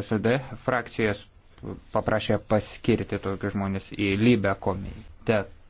SD frakcijas paprašė paskirti tokius žmonės į lybę komitetą.